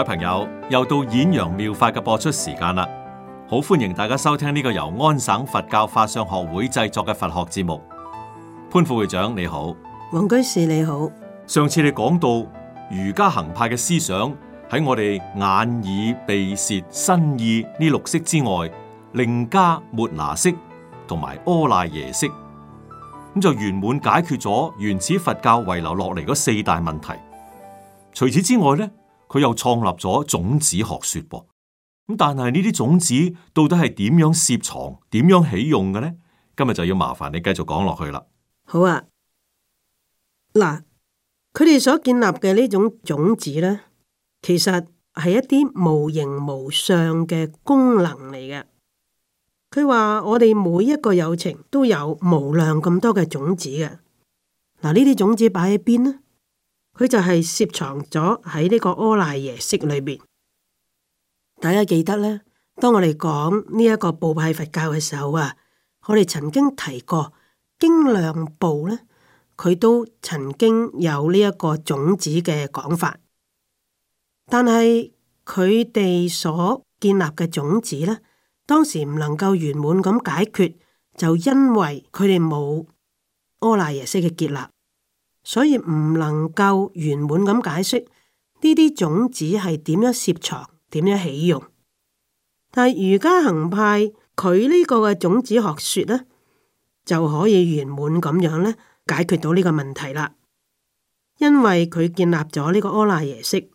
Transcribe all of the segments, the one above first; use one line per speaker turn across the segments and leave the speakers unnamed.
各位朋友，又到《演揚妙，妙法》嘅播出時間啦！好歡迎大家收聽呢個由安省佛教法相學會製作嘅佛學節目。潘副會長你好，
黃居士你好。上
次你講到瑜伽行派嘅思想喺我哋眼耳鼻舌身意呢六識之外，另加末那識同埋阿賴耶識，咁就圓滿解決咗原始佛教遺留落嚟嗰四大問題。除此之外咧？佢又創立咗種子學說噃，咁但係呢啲種子到底係點樣攝藏、點樣起用嘅咧？今日就要麻煩你繼續講落去啦。
好啊，嗱，佢哋所建立嘅呢種種子咧，其實係一啲無形無相嘅功能嚟嘅。佢話我哋每一個有情都有無量咁多嘅種子嘅，嗱，呢啲種子擺喺邊呢？佢就係攝藏咗喺呢個阿賴耶識裏面。大家記得咧，當我哋講呢一個部派佛教嘅時候啊，我哋曾經提過經量部咧，佢都曾經有呢一個種子嘅講法。但係佢哋所建立嘅種子咧，當時唔能夠圓滿咁解決，就因為佢哋冇阿賴耶識嘅結立。所以唔能夠圓滿咁解釋呢啲種子係點樣攝藏、點樣起用，但係瑜伽行派佢呢個嘅種子學說呢，就可以圓滿咁樣呢解決到呢個問題啦。因為佢建立咗呢個阿賴耶識，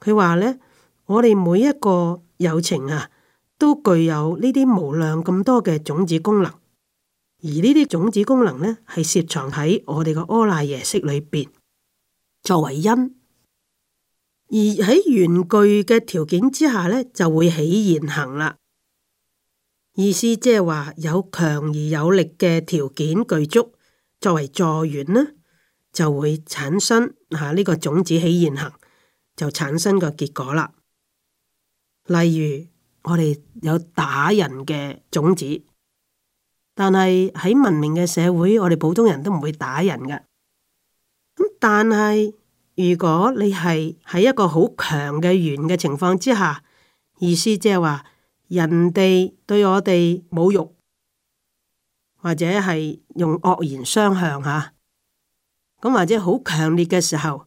佢話呢：「我哋每一個有情啊，都具有呢啲無量咁多嘅種子功能。而呢啲種子功能呢，係攝藏喺我哋個阿賴耶識裏邊，作為因。而喺緣具嘅條件之下呢，就會起現行啦。意思即係話，有強而有力嘅條件具足，作為助緣呢，就會產生吓呢、啊，這個種子起現行，就產生個結果啦。例如，我哋有打人嘅種子。但係喺文明嘅社會，我哋普通人都唔會打人噶。咁但係如果你係喺一個好強嘅緣嘅情況之下，意思即係話人哋對我哋侮辱，或者係用惡言相向吓，咁或者好強烈嘅時候，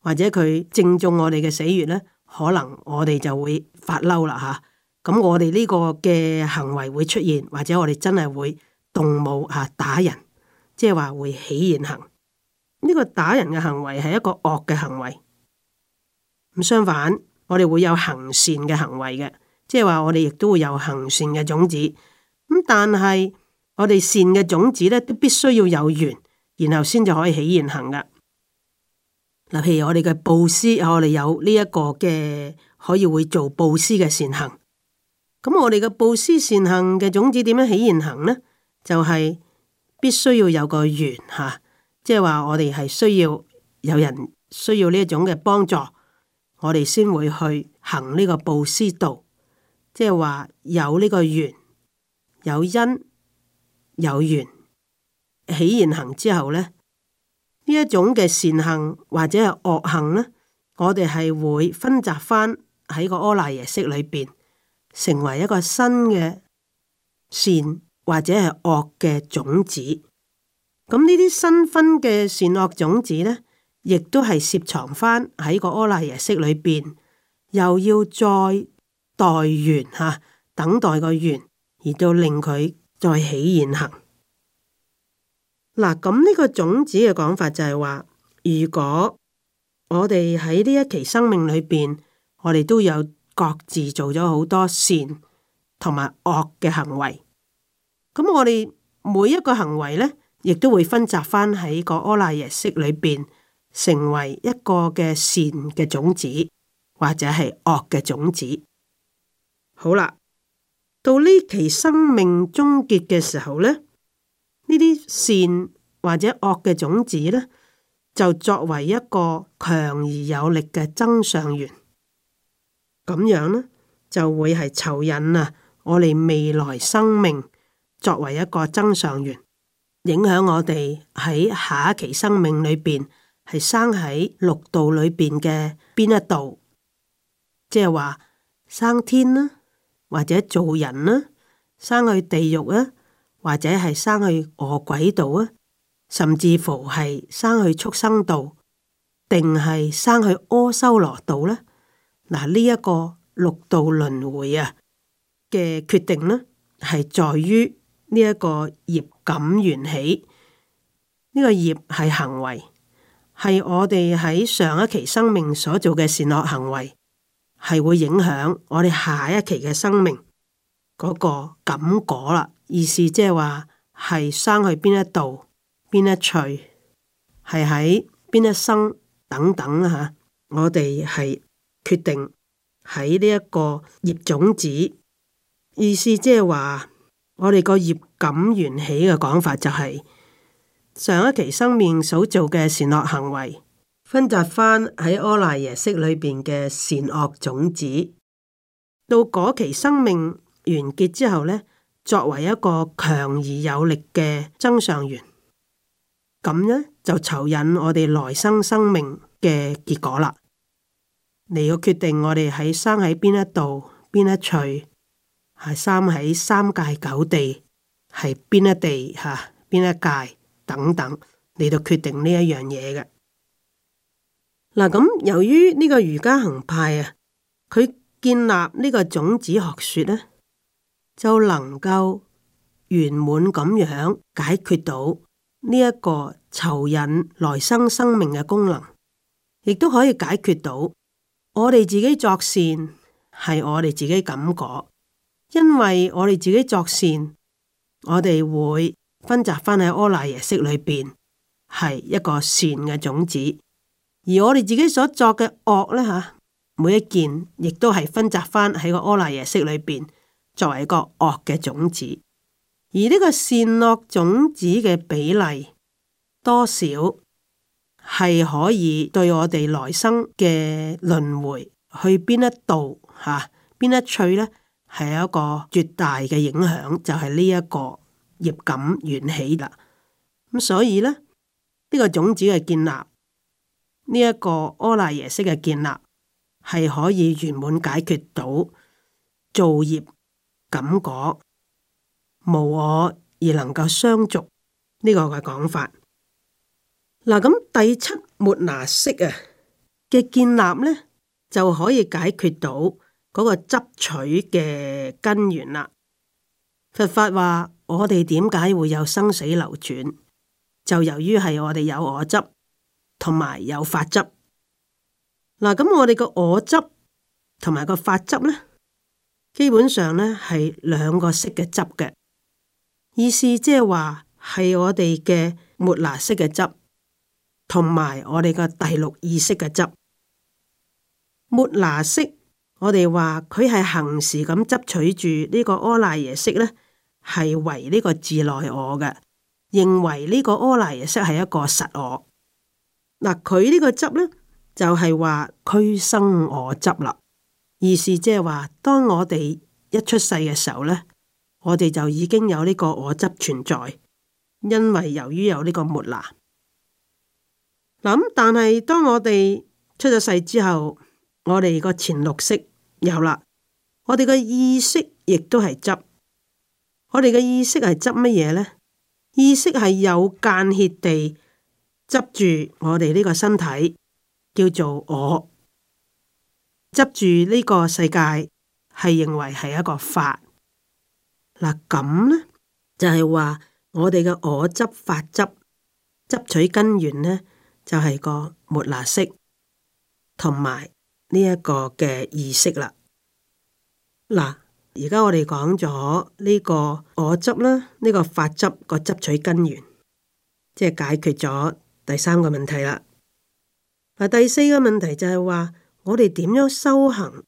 或者佢正中我哋嘅死穴呢，可能我哋就會發嬲啦吓。咁我哋呢個嘅行為會出現，或者我哋真係會動武吓、啊、打人，即係話會起現行。呢、這個打人嘅行為係一個惡嘅行為。咁相反，我哋會有行善嘅行為嘅，即係話我哋亦都會有行善嘅種子。咁但係我哋善嘅種子咧，都必須要有緣，然後先至可以起現行噶。嗱，譬如我哋嘅布施，我哋有呢一個嘅可以會做布施嘅善行。咁我哋嘅布施善行嘅種子點樣起現行呢？就係、是、必須要有個緣吓、啊，即係話我哋係需要有人需要呢一種嘅幫助，我哋先會去行呢個布施道，即係話有呢個緣、有因、有緣起現行之後呢，呢一種嘅善行或者係惡行呢，我哋係會分集翻喺個阿賴耶識裏邊。成為一個新嘅善或者係惡嘅種子，咁呢啲新熏嘅善惡種子呢，亦都係攝藏翻喺個阿賴耶識裏邊，又要再待緣，吓、啊，等待個緣，而到令佢再起現行。嗱，咁呢個種子嘅講法就係話，如果我哋喺呢一期生命裏邊，我哋都有。各自做咗好多善同埋惡嘅行為，咁我哋每一個行為呢，亦都會分集翻喺個阿賴耶識裏邊成為一個嘅善嘅種子或者係惡嘅種子。好啦，到呢期生命終結嘅時候呢，呢啲善或者惡嘅種子呢，就作為一個強而有力嘅增上緣。咁樣咧，就會係吸引啊，我哋未來生命作為一個增上緣，影響我哋喺下一期生命裏邊係生喺六道裏邊嘅邊一度，即係話生天啦，或者做人啦，生去地獄啊，或者係生去餓鬼道啊，甚至乎係生去畜生道，定係生去阿修羅道咧？嗱，呢一個六道輪迴啊嘅決定呢，係在於呢一個業感緣起。呢個業係行為，係我哋喺上一期生命所做嘅善惡行為，係會影響我哋下一期嘅生命嗰個感果啦。意思即係話係生去邊一度，邊一趣，係喺邊一生等等啦嚇。我哋係。決定喺呢一個業種子，意思即係話，我哋個業感緣起嘅講法就係、是、上一期生命所做嘅善惡行為，分集翻喺阿賴耶識裏邊嘅善惡種子，到嗰期生命完結之後呢，作為一個強而有力嘅增上緣，咁呢就吸引我哋來生生命嘅結果啦。嚟個決定我，我哋喺生喺邊一度，邊一趣，係生喺三界九地，係邊一地吓，邊、啊、一界等等嚟到決定呢一樣嘢嘅。嗱、啊，咁由於呢個瑜伽行派啊，佢建立呢個種子學說呢，就能夠圓滿咁樣解決到呢一個囚引來生生命嘅功能，亦都可以解決到。我哋自己作善係我哋自己感覺，因為我哋自己作善，我哋會分集翻喺柯賴耶式裏邊係一個善嘅種子，而我哋自己所作嘅惡咧吓，每一件亦都係分集翻喺個柯賴耶式裏邊作為一個惡嘅種子，而呢個善惡種子嘅比例多少？係可以對我哋來生嘅輪迴去邊一度嚇，邊、啊、一趣呢？係有一個絕大嘅影響，就係呢一個業感緣起啦。咁所以呢，呢、這個種子嘅建立，呢、這、一個阿賴耶識嘅建立，係可以圓滿解決到造業感果無我而能夠相續呢個嘅講法。嗱，咁第七末那識啊嘅建立呢，就可以解決到嗰個執取嘅根源啦。佛法話我哋點解會有生死流轉，就由於係我哋有我執同埋有法執。嗱，咁我哋個我執同埋個法執呢，基本上呢係兩個識嘅執嘅意思，即係話係我哋嘅末那識嘅執。同埋我哋個第六意識嘅執，末那識。我哋話佢係行時咁執取住呢個阿賴耶識呢，係為呢個自內我嘅，認為呢個阿賴耶識係一個實我。嗱，佢呢個執呢，就係話俱生我執啦，意思即係話，當我哋一出世嘅時候呢，我哋就已經有呢個我執存在，因為由於有呢個末那。嗱咁，但係當我哋出咗世之後，我哋個前六識有啦，我哋嘅意識亦都係執，我哋嘅意識係執乜嘢呢？意識係有間歇地執住我哋呢個身體，叫做我，執住呢個世界，係認為係一個法。嗱咁呢，就係話我哋嘅我執法執，執取根源呢。就係個末那識同埋呢一個嘅意識啦。嗱，而家我哋講咗呢個我執啦，呢、這個法執個執取根源，即係解決咗第三個問題啦。第四個問題就係話我哋點樣修行？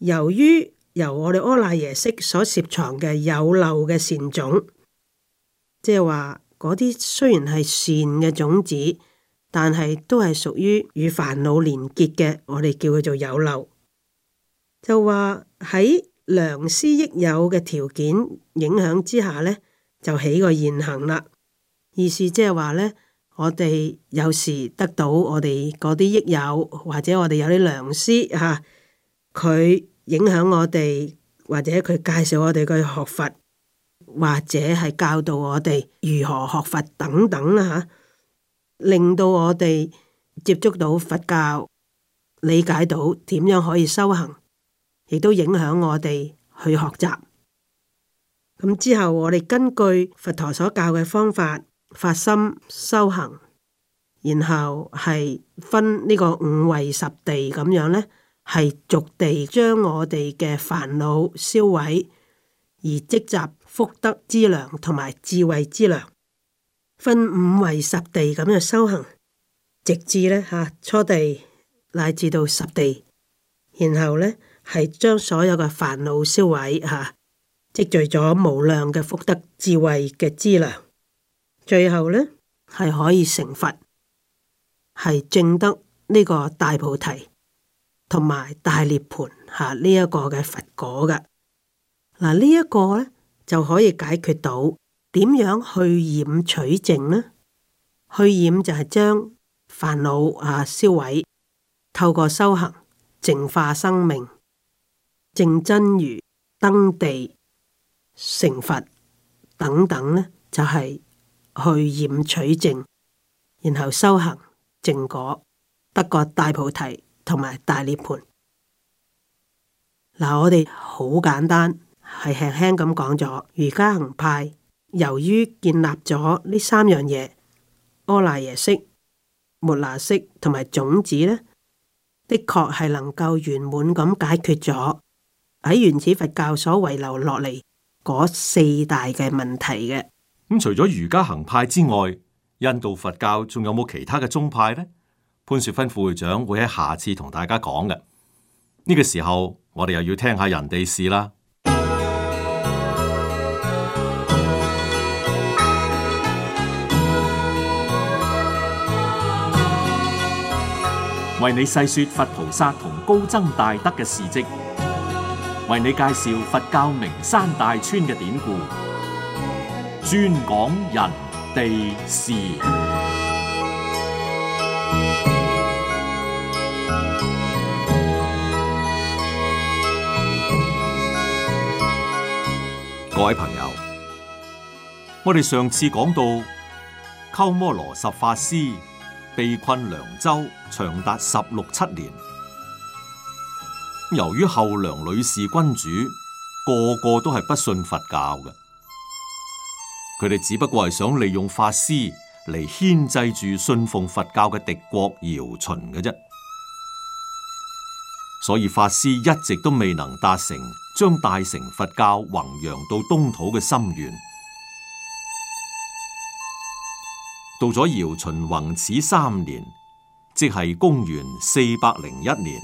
由於由我哋阿賴耶識所攝藏嘅有漏嘅善種，即係話嗰啲雖然係善嘅種子。但係都係屬於與煩惱連結嘅，我哋叫佢做有漏。就話喺良師益友嘅條件影響之下呢，就起個現行啦。意思即係話呢，我哋有時得到我哋嗰啲益友，或者我哋有啲良師吓，佢、啊、影響我哋，或者佢介紹我哋去學佛，或者係教導我哋如何學佛等等啦吓。啊令到我哋接觸到佛教，理解到點樣可以修行，亦都影響我哋去學習。咁之後，我哋根據佛陀所教嘅方法，發心修行，然後係分呢個五位十地咁樣呢，係逐地將我哋嘅煩惱銷毀，而積集福德之糧同埋智慧之糧。分五位十地咁樣修行，直至呢，吓初地乃至到十地，然後呢，係將所有嘅煩惱燒毀吓，積聚咗無量嘅福德智慧嘅資糧，最後呢，係可以成佛，係證得呢個大菩提同埋大涅槃吓，呢一個嘅佛果㗎。嗱，呢一個呢，就可以解決到。點樣去染取淨呢？去染就係將煩惱啊銷毀，透過修行淨化生命，證真如、登地、成佛等等呢，就係、是、去染取淨，然後修行正果，得個大菩提同埋大涅槃。嗱、啊，我哋好簡單，係輕輕咁講咗瑜伽行派。由於建立咗呢三樣嘢，阿賴耶識、末那識同埋種子呢，的確係能夠圓滿咁解決咗喺原始佛教所遺留落嚟嗰四大嘅問題嘅。
咁、嗯、除咗瑜伽行派之外，印度佛教仲有冇其他嘅宗派呢？潘雪芬副會長會喺下次同大家講嘅。呢、這個時候我哋又要聽下人哋事啦。為你細說佛菩薩同高僧大德嘅事跡，為你介紹佛教名山大川嘅典故，專講人地事。各位朋友，我哋上次講到鳩摩羅什法師，被困涼州長達十六七年，由於後梁呂氏君主個個都係不信佛教嘅，佢哋只不過係想利用法師嚟牽制住信奉佛教嘅敵國姚秦嘅啫，所以法師一直都未能達成將大乘佛教弘揚到東土嘅心願。到咗姚秦弘始三年，即係公元四百零一年，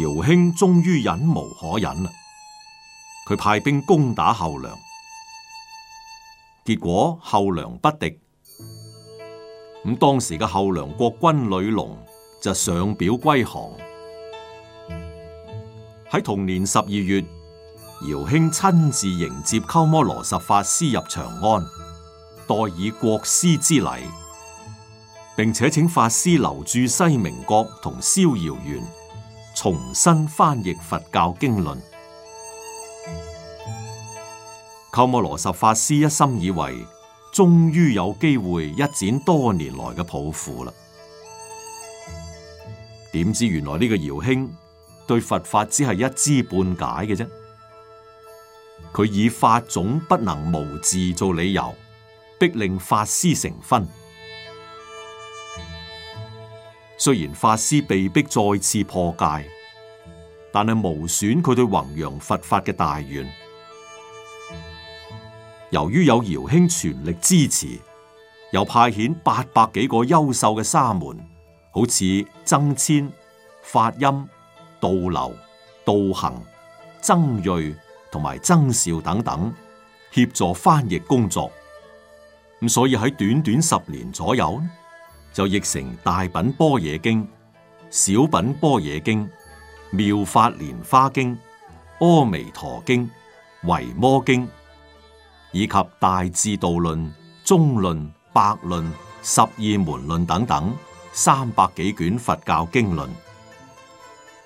姚興終於忍無可忍，佢派兵攻打後梁，結果後梁不敵。咁當時嘅後梁國君呂隆就上表歸降。喺同年十二月，姚興親自迎接鳩摩羅什法師入長安。待以國師之禮，並且請法師留住西明國同逍遙園，重新翻譯佛教經論。鳩摩羅什法師一心以為，終於有機會一展多年來嘅抱負啦。點知原來呢個姚興對佛法只係一知半解嘅啫，佢以法種不能無嗣做理由。逼令法師成婚，雖然法師被逼再次破戒，但係無損佢對弘揚佛法嘅大願。由於有姚興全力支持，又派遣八百幾個優秀嘅沙門，好似僧遷、法欽、道流、道恒、僧叡同埋僧肇等等，協助翻譯工作。咁所以喺短短十年左右，就譯成《大品般若經》、《小品般若經》、《妙法蓮花經》、《阿彌陀經》、《維摩經》，以及《大智度論》、《中論》、《百論》、《十二門論》等等三百幾卷佛教經論，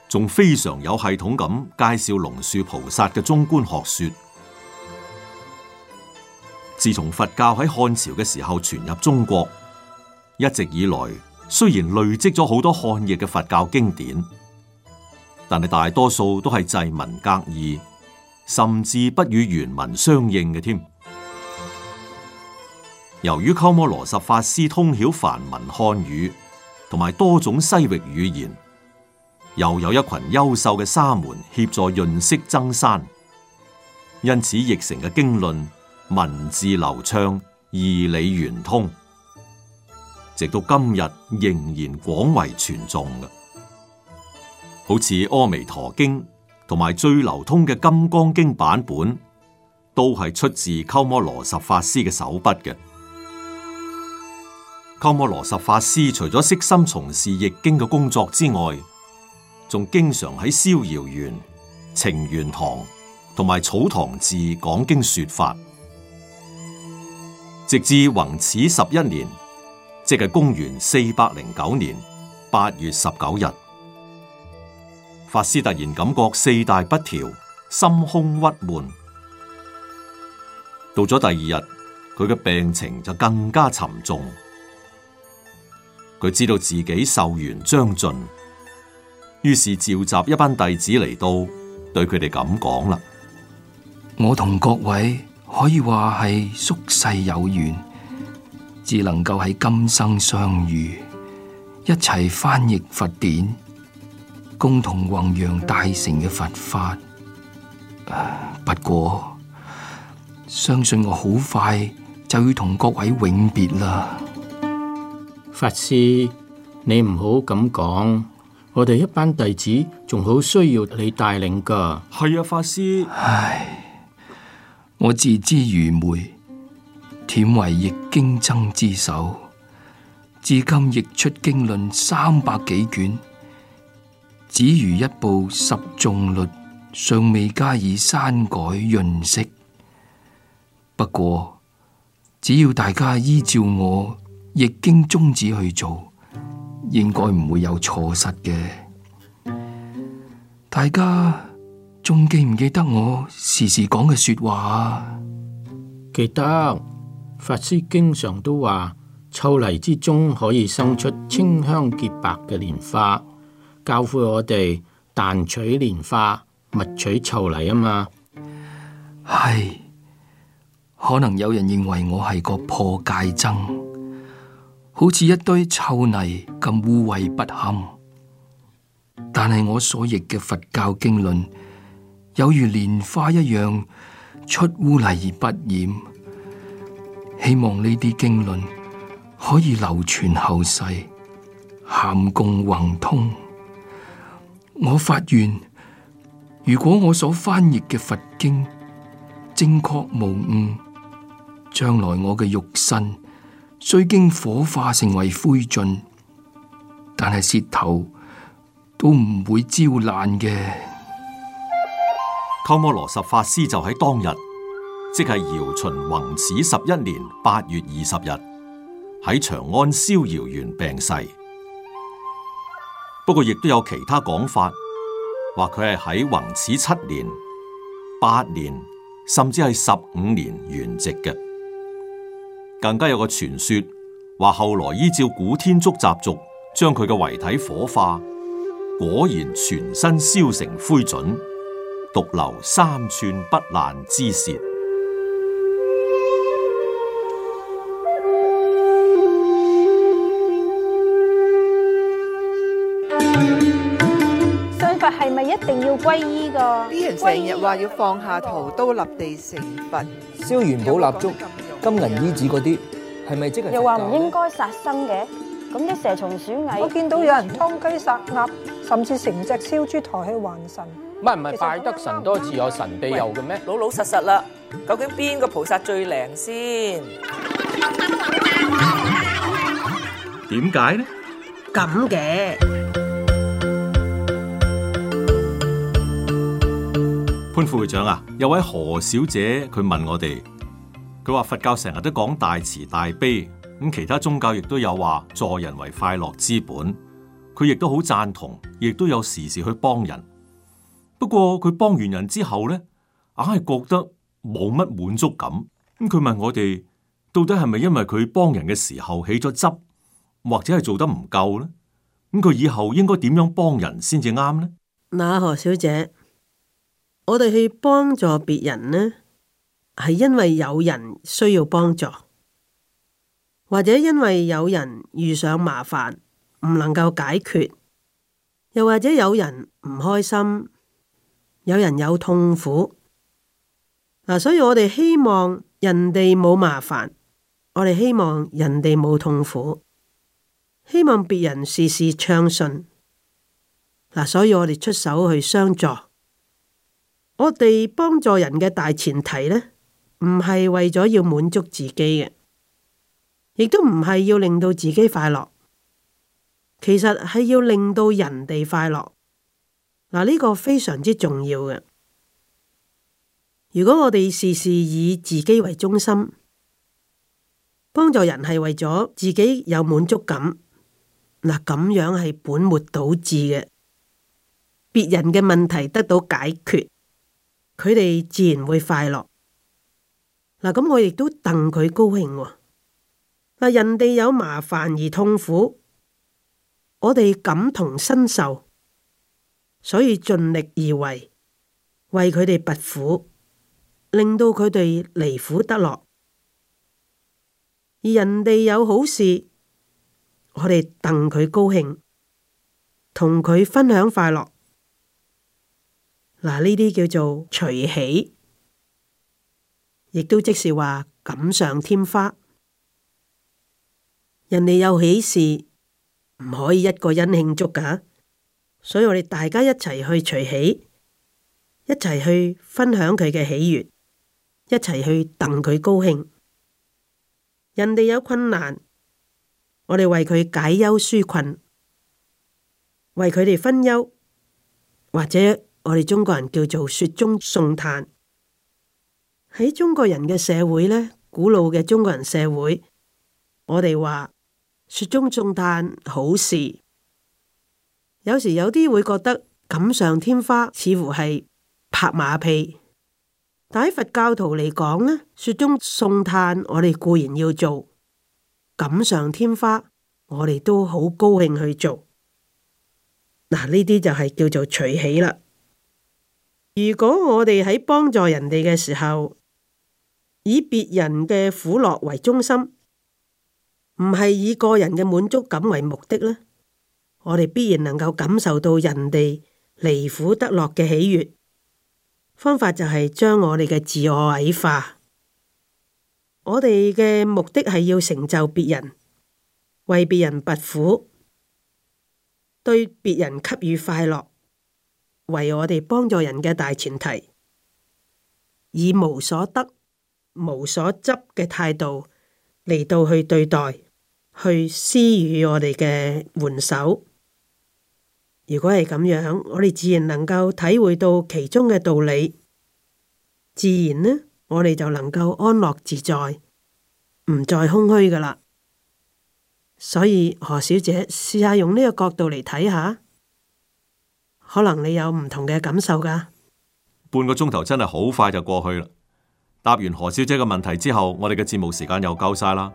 仲非常有系統咁介紹龍樹菩薩嘅中觀學說。自從佛教喺漢朝嘅時候傳入中國，一直以來雖然累積咗好多漢譯嘅佛教經典，但係大多數都係祭文格義，甚至不與原文相應嘅添。由於鳩摩羅什法師通曉梵文、漢語同埋多種西域語言，又有一群優秀嘅沙門協助潤色增刪，因此譯成嘅經論。文字流暢，義理圓通，直到今日仍然廣為傳頌嘅，好似《阿彌陀經》同埋最流通嘅《金剛經》版本，都係出自鳩摩羅什法師嘅手筆嘅。鳩摩羅什法師除咗悉心從事譯經嘅工作之外，仲經常喺逍遙園、情緣堂同埋草堂寺講經說法。直至弘始十一年，即係公元四百零九年八月十九日，法師突然感覺四大不調，心胸鬱悶。到咗第二日，佢嘅病情就更加沉重。佢知道自己壽元將盡，於是召集一班弟子嚟到，對佢哋咁講
啦：「我同各位。可以話係宿世有緣，只能夠喺今生相遇，一齊翻譯佛典，共同弘揚大乘嘅佛法。不過，相信我好快就要同各位永別啦。法師，你唔好咁講，我哋一班弟子仲好需要你帶領噶。係啊，法師。唉。我自知愚昧，忝為譯經僧之首。至今譯出經論三百幾卷，只餘一部十誦律，尚未加以刪改潤色。不過，只要大家依照我譯經宗旨去做，應該唔會有錯失嘅。大家。仲記唔記得我時時講嘅說話？記得法師經常都話：臭泥之中可以生出清香潔白嘅蓮花，教誨我哋但取蓮花，勿取臭泥啊！嘛係，可能有人認為我係個破戒僧，好似一堆臭泥咁污穢不堪。但係我所譯嘅佛教經論。有如蓮花一樣出污泥而不染，希望呢啲經論可以流傳後世，咸共宏通。我發願，如果我所翻譯嘅佛經正確無誤，將來我嘅肉身雖經火化成為灰燼，但係舌頭都唔會焦爛嘅。
鳩摩羅什法師就喺當日，即係姚秦弘始十一年八月二十日，喺長安逍遙園病逝。不過，亦都有其他講法，話佢係喺弘始七年、八年，甚至係十五年圓寂嘅。更加有個傳說，話後來依照古天竺習俗，將佢嘅遺體火化，果然全身燒成灰燼。獨留三寸不爛之舌。
信佛係咪一定要皈依噶？啲人成日話要放下屠刀立地成佛，燒元寶蠟燭、金銀衣紙嗰啲，係咪即係？又話唔應
該殺生嘅，咁啲蛇蟲鼠蟻，我見到有人劏雞殺鴨，甚至成隻燒豬抬去還神。
唔唔係，拜得神多自有神庇佑嘅咩？老老實實啦，究竟邊個菩薩最靈先？
點解呢？
咁嘅，
潘副會長啊，有位何小姐佢問我哋，佢話佛教成日都講大慈大悲，咁其他宗教亦都有話助人為快樂之本，佢亦都好贊同，亦都有時時去幫人。不過佢幫完人之後呢，硬係覺得冇乜滿足感。咁、嗯、佢問我哋到底係咪因為佢幫人嘅時候起咗執，或者係做得唔夠呢？咁、嗯、佢以後應該點樣幫人先至啱呢？
嗱，何小姐，我哋去幫助別人呢，係因為有人需要幫助，或者因為有人遇上麻煩唔能夠解決，又或者有人唔開心。有人有痛苦，嗱，所以我哋希望人哋冇麻煩，我哋希望人哋冇痛苦，希望別人事事暢順，嗱，所以我哋出手去相助。我哋幫助人嘅大前提呢，唔係為咗要滿足自己嘅，亦都唔係要令到自己快樂，其實係要令到人哋快樂。嗱，呢個非常之重要嘅。如果我哋事事以自己為中心，幫助人係為咗自己有滿足感，嗱，咁樣係本末倒置嘅。別人嘅問題得到解決，佢哋自然會快樂。嗱，咁我亦都戥佢高興哦。嗱，人哋有麻煩而痛苦，我哋感同身受。所以盡力而為，為佢哋拔苦，令到佢哋離苦得樂。而人哋有好事，我哋戥佢高興，同佢分享快樂。嗱，呢啲叫做隨喜，亦都即是話錦上添花。人哋有喜事，唔可以一個人慶祝㗎。所以我哋大家一齊去隨喜，一齊去分享佢嘅喜悅，一齊去戥佢高興。人哋有困難，我哋為佢解憂紓困，為佢哋分憂，或者我哋中國人叫做雪中送炭。喺中國人嘅社會呢，古老嘅中國人社會，我哋話雪中送炭好事。有時有啲會覺得錦上添花似乎係拍馬屁，但喺佛教徒嚟講呢，雪中送炭我哋固然要做，錦上添花我哋都好高興去做。嗱，呢啲就係叫做隨喜啦。如果我哋喺幫助人哋嘅時候，以別人嘅苦樂為中心，唔係以個人嘅滿足感為目的呢。我哋必然能夠感受到人哋離苦得樂嘅喜悦。方法就係將我哋嘅自我矮化。我哋嘅目的係要成就別人，為別人拔苦，對別人給予快樂，為我哋幫助人嘅大前提，以無所得、無所執嘅態度嚟到去對待，去施予我哋嘅援手。如果係咁樣，我哋自然能夠體會到其中嘅道理，自然呢，我哋就能夠安樂自在，唔再空虛噶啦。所以何小姐試下用呢個角度嚟睇下，可能你有唔同嘅感受噶。
半個鐘頭真係好快就過去啦。答完何小姐嘅問題之後，我哋嘅節目時間又夠晒啦。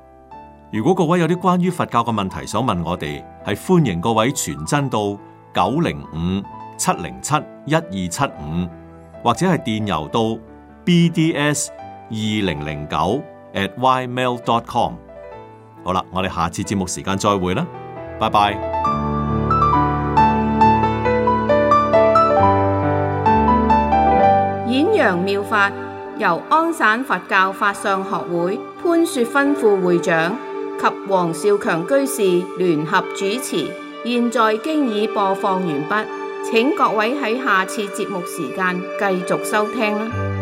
如果各位有啲關於佛教嘅問題想問我哋，係歡迎各位傳真到九零五七零七一二七五，75，或者係電郵到 bds 二零零九 at ymail.com。好啦，我哋下次節目時間再會啦，拜拜。
演揚妙法由安省佛教法相學會潘雪芬副會長及黃少強居士聯合主持。現在經已播放完畢，請各位喺下次節目時間繼續收聽啦。